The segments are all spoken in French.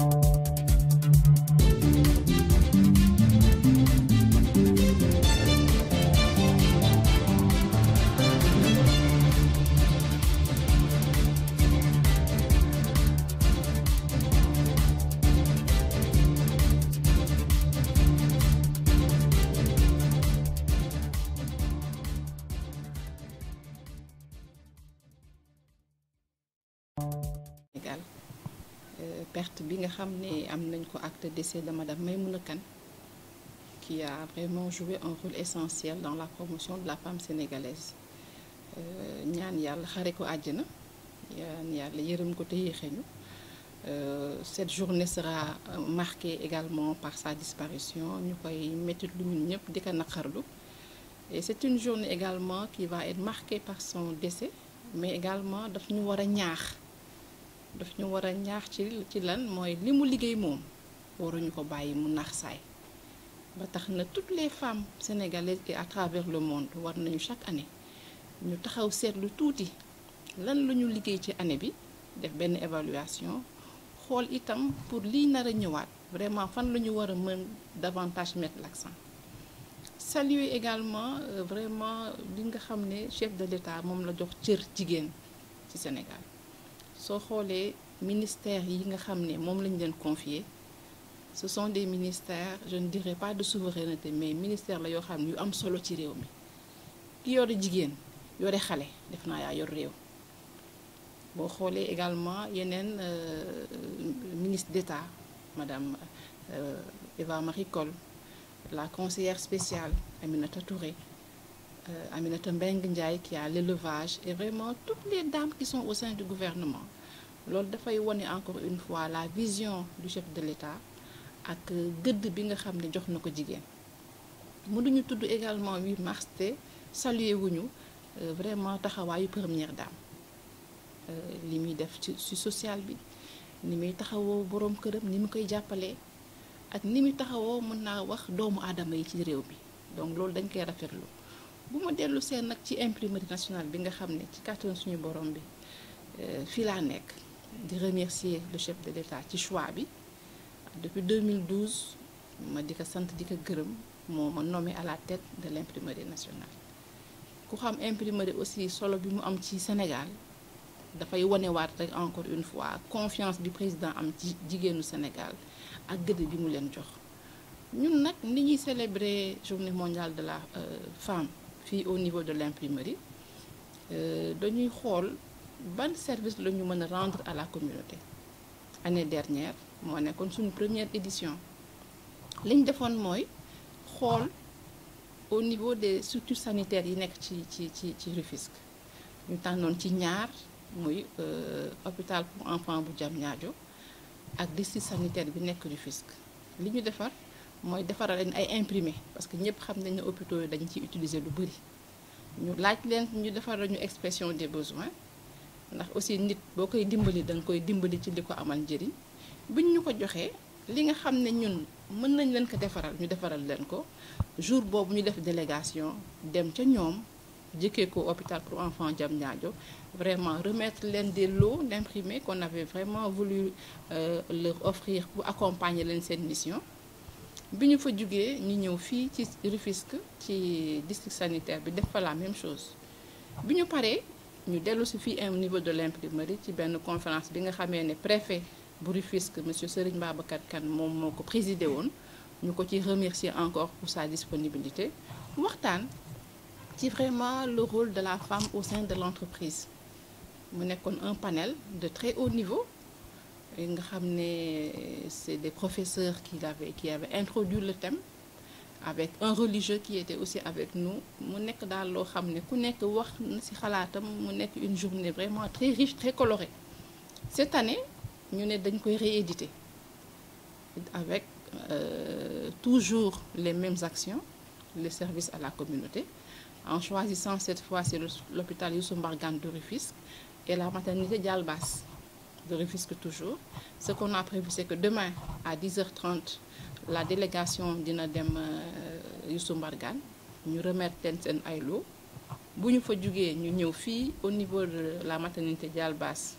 Thank you. perte bi nga xamné am nañ ko acte décès de madame Maïmouna Kane qui a vraiment joué un rôle essentiel dans la promotion de la femme sénégalaise euh, ñaan yalla xare ko àjjana ñaan yalla yërëm ko te euh cette journée sera marquée également par sa disparition ñu koy lu ñun ñëpp dika ko et c'est une journée également qui va être marquée par son décès mais également daf ñu wara daf ñu war a ñaax ci ci lan mooy li mu liggéey moom waruñu ko bàyyi mu nax saay ba tax na toutes les femmes sénégalaises et à travers le monde war nañu chaque année ñu taxaw seetlu tuuti lan la ñu liggéey ci année bi def benn évaluation xool itam pour liy nar a ñëwaat vraiment fan la ñu war a mën davantage mettre l'accent saluer également euh, vraiment li nga xam ne chef de l'État moom la jox cër jigéen ci Sénégal sont xoolee ministères yi nga ce sont des ministères je ne dirais pas de souveraineté mais ministère la yoo xam yu am solo ci réew mi ki yore jigéen yore xale def naa yor également euh, ministre d'État madame euh, Eva Marie la conseillère spéciale Aminata Touré euh, Aminata Mbeng Ndiaye qui a l'élevage et vraiment toutes les dames qui sont au sein du gouvernement lors encore une fois la vision du chef de l'État ak que bi nga nous avons également 8 mars euh, vraiment première dame euh, limite social ni taxawoo ni ni taxawoo donc buma ma dellu seen nag ci imprimerie nationale bi nga xam ne ci carton suñu borom bi euh, fii laa nekk di remercier le chef de l'État ci bi depuis 2012 ma di ko sant di ko ma nommé à la tête de l'imprimerie nationale ku xam imprimerie aussi solo bi mu am ci Sénégal dafay wanewaat rek encore une fois confiance du président am ci jigéenu Sénégal ak gëdd bi mu leen jox ñun nag ni célébrer journée mondiale de la euh, femme fii au niveau de l'imprimerie euh, dañuy xool ban service la ñu rendre à la communauté année dernière moo nekkoon une première édition Nous avons defoon mooy au niveau des structures sanitaires yi nekk ci ci ci ci Rufisque ñu tànnoon ci ñaar euh, hôpital pour enfants bu Diamniadio ak district sanitaire bi nekk Rufisque de ñu defar moy defaral leen ay imprimé parce que ñëpp xam nañ ne hôpitaux dañ ci utiliser lu bëri ñu laaj leen ñu defaral ñu expression des besoins ndax aussi nit boo koy dimbali da nga koy dimbali ci li ko amal njëriñ buñ ñu ko joxee li nga xam ne ñun mën nañ leen ko defaral ñu defaral leen ko jour boobu ñu def délégation dem ca ñoom jëkkee ko hôpital pour enfants Diamniadio vraiment remettre leen des lots d'imprimés qu'on avait vraiment voulu euh, leur offrir pour accompagner leen seen mission bi ñu fa jugee ñu ñëw ci Rufisque ci district sanitaire bi def fa la même chose bi nous paree ñu dellu au niveau de l'imprimerie ci ben conférence bi nga xamee ne préfet bu monsieur Serigne Babacar Kane moom moo ko présidé woon ñu remercier encore pour sa disponibilité waxtaan ci vraiment le rôle de la femme au sein de l'entreprise Nous nekkoon un panel de très haut niveau c'est des professeurs qui qui avaient introduit le thème avec un religieux qui était aussi avec nous une journée vraiment très riche très colorée cette année nous avons réédité avec euh, toujours les mêmes actions les services à la communauté en choisissant cette fois c'est l'hôpital Youssou de Rufisque et la maternité d'Albas de Rufisque toujours. Ce qu'on a prévu, c'est que demain, à 10h30, la délégation d'Inadem dem euh, Youssou nous nous remettre Nous seen nous lots au niveau de la maternité d'Albas,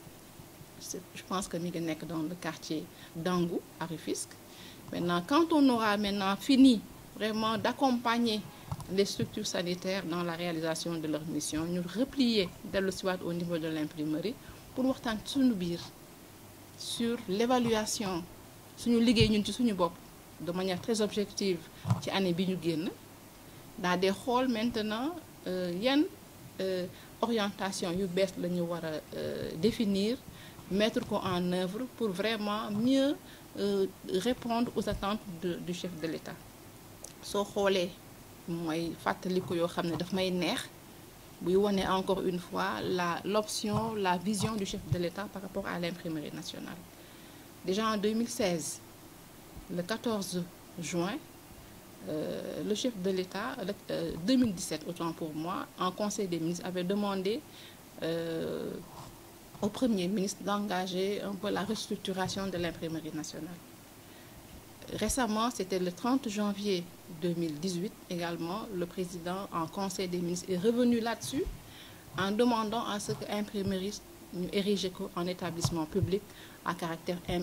je pense que nous sommes dans le quartier d'Angou à Rufisque maintenant quand on aura maintenant fini vraiment d'accompagner les structures sanitaires dans la réalisation de leur mission nous replier le soir au niveau de l'imprimerie pour tout nous biir sur l'évaluation suñu de manière très objective ci année bi ñu génn y dé xol maintenant euh, euh orientation yu bess lañu wara nous euh, définir mettre en œuvre pour vraiment mieux euh, répondre aux attentes du chef de l'État ce xolé moy fatali ko yo xamné daf may neex oui, on est encore une fois l'option, la, vision du chef de l'État par rapport à l'imprimerie nationale. Déjà en 2016, le 14 juin, euh, le chef de l'État, 2017 euh, autant pour moi, en Conseil des ministres, avait demandé euh, au Premier ministre d'engager un peu la restructuration de l'imprimerie nationale. Récemment, c'était le 30 janvier 2018 également, le président en conseil des ministres est revenu là-dessus en demandant à ce que l'imprimerie érige en établissement public à caractère euh,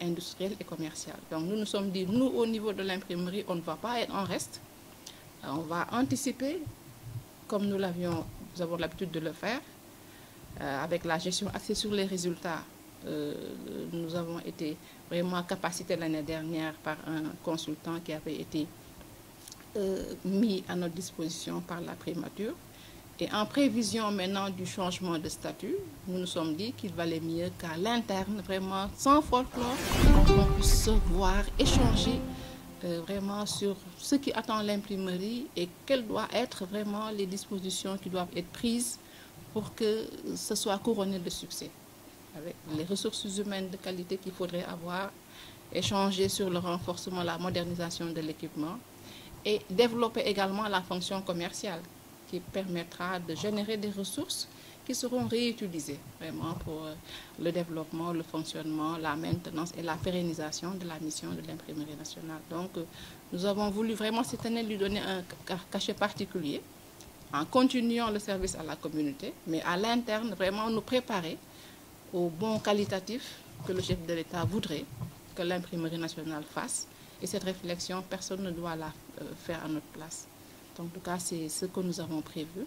industriel et commercial. Donc nous nous sommes dit, nous au niveau de l'imprimerie, on ne va pas être en reste, euh, on va anticiper comme nous l'avions, nous avons l'habitude de le faire, euh, avec la gestion axée sur les résultats euh, nous avons été vraiment capacités l'année dernière par un consultant qui avait été euh, mis à notre disposition par la prémature. Et en prévision maintenant du changement de statut, nous nous sommes dit qu'il valait mieux qu'à l'interne, vraiment sans folklore, on puisse se voir, échanger euh, vraiment sur ce qui attend l'imprimerie et quelles doivent être vraiment les dispositions qui doivent être prises pour que ce soit couronné de succès avec les ressources humaines de qualité qu'il faudrait avoir, échanger sur le renforcement, la modernisation de l'équipement et développer également la fonction commerciale qui permettra de générer des ressources qui seront réutilisées vraiment pour euh, le développement, le fonctionnement, la maintenance et la pérennisation de la mission de l'imprimerie nationale. Donc, euh, nous avons voulu vraiment cette année lui donner un cachet particulier en continuant le service à la communauté, mais à l'interne, vraiment nous préparer au bon qualitatif que le chef de l'État voudrait que l'imprimerie nationale fasse. Et cette réflexion, personne ne doit la euh, faire à notre place. Donc, en tout cas, c'est ce que nous avons prévu.